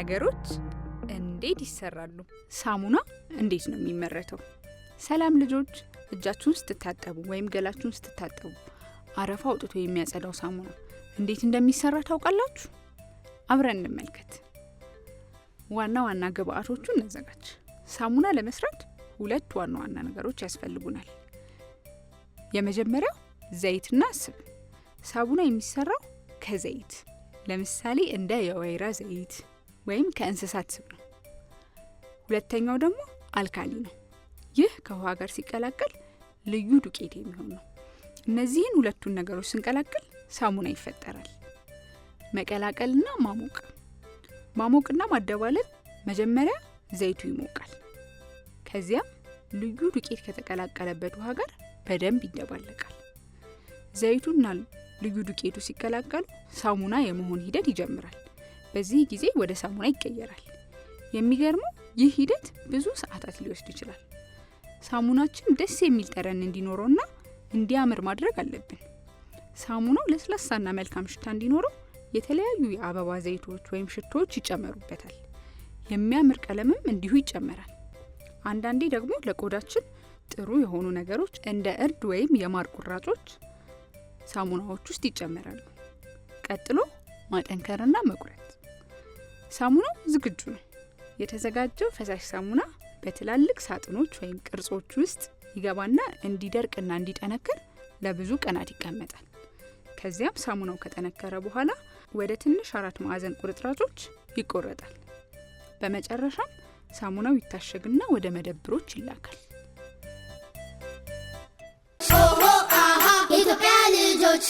ነገሮች እንዴት ይሰራሉ? ሳሙና እንዴት ነው የሚመረተው? ሰላም ልጆች፣ እጃችሁን ስትታጠቡ ወይም ገላችሁን ስትታጠቡ አረፋ አውጥቶ የሚያጸዳው ሳሙና እንዴት እንደሚሰራ ታውቃላችሁ? አብረን እንመልከት። ዋና ዋና ግብአቶቹ እናዘጋጅ። ሳሙና ለመስራት ሁለት ዋና ዋና ነገሮች ያስፈልጉናል። የመጀመሪያው ዘይትና ስብ። ሳሙና የሚሰራው ከዘይት ለምሳሌ እንደ የወይራ ዘይት፣ ወይም ከእንስሳት ስብ ነው። ሁለተኛው ደግሞ አልካሊ ነው። ይህ ከውሃ ጋር ሲቀላቀል ልዩ ዱቄት የሚሆን ነው። እነዚህን ሁለቱን ነገሮች ስንቀላቅል ሳሙና ይፈጠራል። መቀላቀልና ማሞቅ ማሞቅና ማደባለል መጀመሪያ ዘይቱ ይሞቃል። ከዚያም ልዩ ዱቄት ከተቀላቀለበት ውሃ ጋር በደንብ ይደባለቃል። ዘይቱና ልዩ ዱቄቱ ሲቀላቀሉ ሳሙና የመሆን ሂደት ይጀምራል። በዚህ ጊዜ ወደ ሳሙና ይቀየራል። የሚገርመው ይህ ሂደት ብዙ ሰዓታት ሊወስድ ይችላል። ሳሙናችን ደስ የሚል ጠረን እንዲኖረውና እንዲያምር ማድረግ አለብን። ሳሙናው ለስላሳና መልካም ሽታ እንዲኖረው የተለያዩ የአበባ ዘይቶች ወይም ሽቶዎች ይጨመሩበታል። የሚያምር ቀለምም እንዲሁ ይጨመራል። አንዳንዴ ደግሞ ለቆዳችን ጥሩ የሆኑ ነገሮች እንደ እርድ ወይም የማር ቁራጮች ሳሙናዎች ውስጥ ይጨመራሉ። ቀጥሎ ማጠንከርና መቁረጥ ሳሙናው ዝግጁ ነው። የተዘጋጀው ፈሳሽ ሳሙና በትላልቅ ሳጥኖች ወይም ቅርጾች ውስጥ ይገባና እንዲደርቅና እንዲጠነክር ለብዙ ቀናት ይቀመጣል። ከዚያም ሳሙናው ከጠነከረ በኋላ ወደ ትንሽ አራት ማዕዘን ቁርጥራጮች ይቆረጣል። በመጨረሻም ሳሙናው ይታሸግና ወደ መደብሮች ይላካል። ኢትዮጵያ ልጆች